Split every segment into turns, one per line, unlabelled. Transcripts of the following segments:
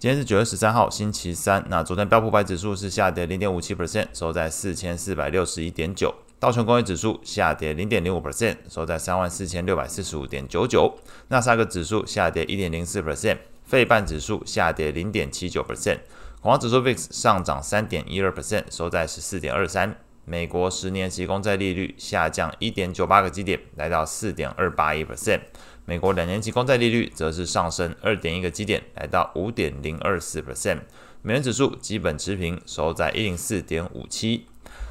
今天是九月十三號，星期三。那昨天標普五百指數是下跌零點五七百分，收在四千四百六十一點九。道瓊工業指數下跌零點零五百分，收在三萬四千六百四十五點九九。那斯達克指數下跌一點零四百分費半指數下跌零點七九百分恐慌指數 VIX 上漲三點一二百分收在十四點二三。美國十年期公債利率下降一點九八個基點，來到四點二八一 percent。美國兩年期公債利率則是上升二點一個基點，來到五點零二四 percent。美元指數基本持平，收在一零四點五七。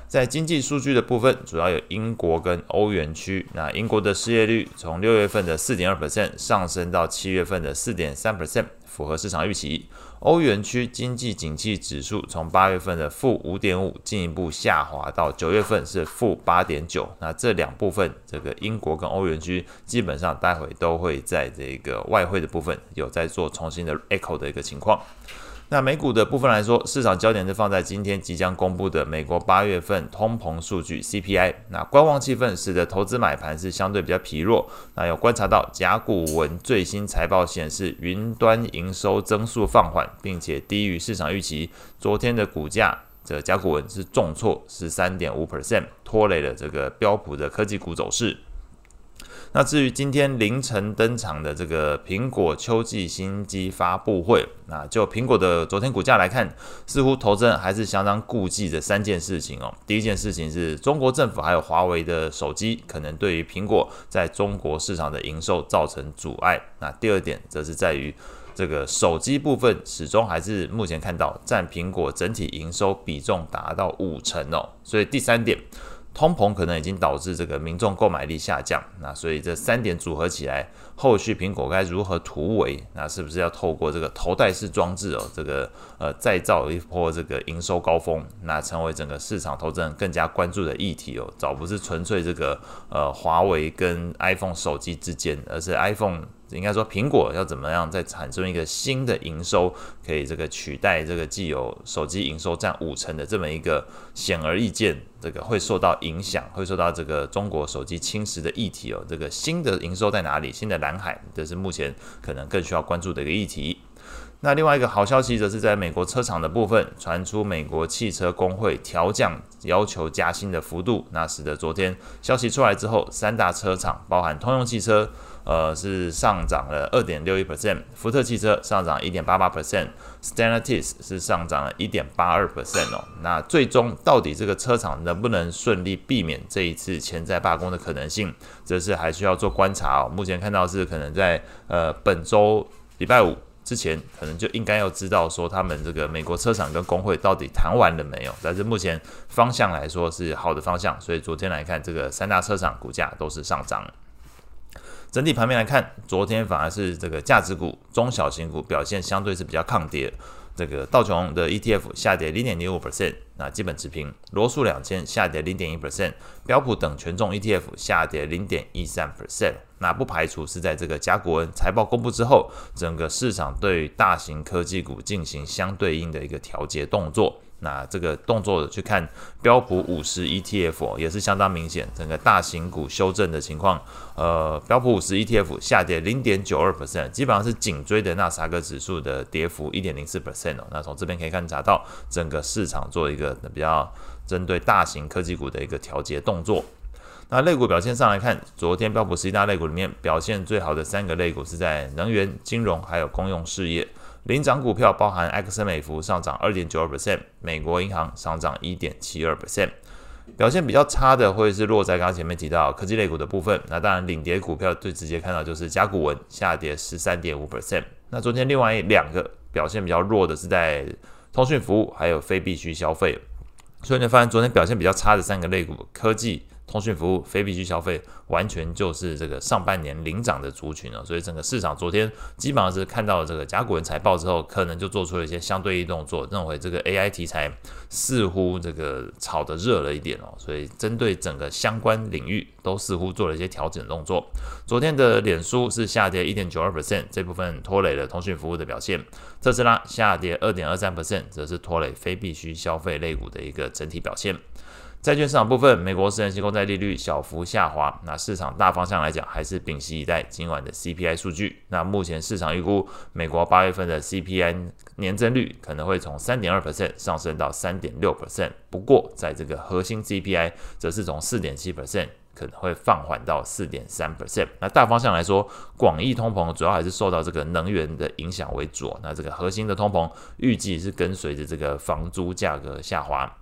在經濟數據的部分，主要有英國跟歐元區。那英國的失業率從六月份的四點二 percent 上升到七月份的四點三 percent，符合市場預期。歐元區經濟景氣指數從八月份的負五點五進一步下滑到九月份是負八點九。那這兩部分，這個英國跟歐元區，基本上待會都會在這個外匯的部分有在做重新的 echo 的一個情況。那美股的部分來說，市場焦點是放在今天即將公布的美國八月份通膨數據 CPI。那觀望氣氛使得投資買盤是相對比較疲弱。那有觀察到甲骨文最新財報顯示，雲端營收增速放緩，並且低於市場預期。昨天的股價，這甲骨文是重挫，是十三點五 percent，拖累了這個標普的科技股走勢。那至於今天凌晨登場的這個蘋果秋季新機發布會，那就蘋果的昨天股價來看，似乎投資人還是相當顧忌這三件事情哦。第一件事情是中國政府還有華為的手機，可能對於蘋果在中國市場的營收造成阻礙。那第二點則是在於這個手機部分始終還是目前看到佔蘋果整體營收比重達到五成哦。所以第三點。通膨可能已經導致這個民眾購買力下降，那所以這三點組合起來，後續蘋果該如何突圍？那是不是要透過這個頭戴式裝置哦，這個呃再造一波這個營收高峰，那成為整個市場投資人更加關注的議題哦，早不是純粹這個呃華為跟 iPhone 手機之間，而是 iPhone。應該說，蘋果要怎麼樣再產生一個新的營收，可以這個取代這個既有手機營收佔五成的這麼一個顯而易見這個會受到影響，會受到這個中國手機侵蝕的議題哦。這個新的營收在哪裡？新的藍海，這是目前可能更需要關注的一個議題。那另外一個好消息，則是在美國車廠的部分傳出，美國汽車工會調降要求加薪的幅度，那使得昨天消息出來之後，三大車廠包含通用汽車。呃，是上漲了二點六一 percent，福特汽車上漲一點八八 percent，Stellantis 是上漲了一點八二 percent 哦。那最終到底這個車廠能不能順利避免這一次潛在罷工的可能性，則是還需要做觀察哦。目前看到是可能在呃本周禮拜五之前，可能就應該要知道說他們這個美國車廠跟工會到底談完了沒有。但是目前方向來說是好的方向，所以昨天來看，這個三大車廠股價都是上漲。整體盤面來看，昨天反而是這個價值股、中小型股表現相對是比較抗跌。這個道瓊的 ETF 下跌零點零五 percent，那基本持平；羅素兩千下跌零點一 percent，標普等權重 ETF 下跌零點一三 percent。那不排除是在這個甲骨文財報公布之後，整個市場對大型科技股進行相對應的一個調節動作。那這個動作的去看標普五十 ETF，哦、也是相當明顯，整個大型股修正的情況，呃，標普五十 ETF 下跌零點九二%，基本上是緊追的納斯達克指數的跌幅一點零四%哦。那從這邊可以觀察到整個市場做一個比較針對大型科技股的一個調節動作。那類股表現上來看，昨天標普十一大類股裡面表現最好的三個類股是在能源、金融還有公用事業。領漲股票包含埃克森美孚上漲二點九二 percent，美國銀行上漲一點七二 percent。表現比較差的，會是落在剛剛前面提到科技類股的部分。那當然，領跌股票最直接看到就是甲骨文下跌十三點五 percent。那昨天另外兩個表現比較弱的是在通訊服務還有非必需消費。所以你發現昨天表現比較差的三個類股，科技。通訊服務、非必需消費，完全就是這個上半年領漲的族群哦，所以整個市場昨天基本上是看到了這個甲骨文財報之後，可能就做出了一些相對應動作，認為這個 AI 題材似乎這個炒得熱了一點哦，所以針對整個相關領域都似乎做了一些調整動作。昨天的臉書是下跌一點九二 percent，這部分拖累了通訊服務的表現；特斯拉下跌二點二三 percent，則是拖累非必需消費類股的一個整體表現。債券市場部分，美國十年公債利率小幅下滑。那市場大方向來講，還是屏息以待今晚的 CPI 數據。那目前市場預估，美國八月份的 CPI 年增率可能會從三點二 PERCENT 上升到三點六 PERCENT。不過，在這個核心 CPI，則是從四點七 PERCENT 可能會放緩到四點三 PERCENT。那大方向來說，廣義通膨主要還是受到這個能源的影響為主。那這個核心的通膨預計是跟隨着這個房租價格下滑，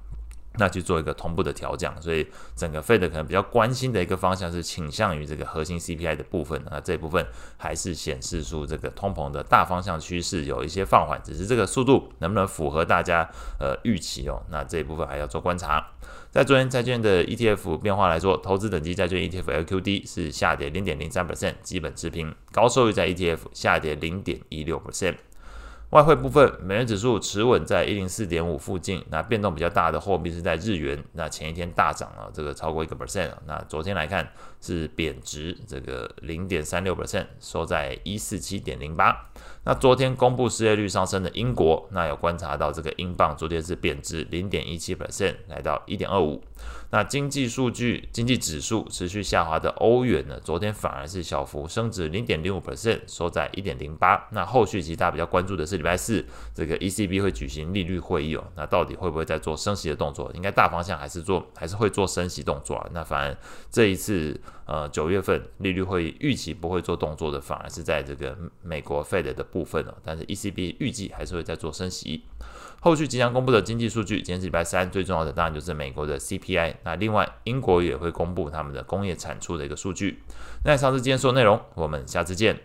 那去做一個同步的調降，所以整個 Fed 可能比較關心的一個方向是傾向於這個核心 CPI 的部分，那這一部分還是顯示出這個通膨的大方向趨勢有一些放緩，只是這個速度能不能符合大家呃預期哦？那這一部分還要做觀察。在昨天債券的 ETF 變化來說，投資等級債券 ETF LQD 是下跌零點零三 percent，基本持平；高收益債 ETF 下跌零點一六 percent。外匯部分，美元指數持穩在一零四點五附近。那變動比較大的貨幣是在日元，那前一天大漲了、啊、這個超過一個 percent。那昨天來看是貶值，這個零點三六 percent 收在一四七點零八。那昨天公布失業率上升的英國，那有觀察到這個英鎊昨天是貶值零點一七 percent，來到一點二五。那經濟數據、經濟指數持續下滑的歐元呢，昨天反而是小幅升值零點零五 percent，收在一點零八。那後續其實大家比較關注的是，禮拜四，這個 ECB 會舉行利率會議哦。那到底會不會再做升息的動作？應該大方向還是做，還是會做升息動作啊？那反而這一次，呃，九月份利率會議預期不會做動作的，反而是在這個美國 Fed 的部分哦。但是 ECB 預計還是會再做升息。後續即將公布的經濟數據，今天是禮拜三，最重要的當然就是美國的 CPI。那另外，英國也會公布他們的工業產出的一個數據。那以上是今天所有內容，我們下次見。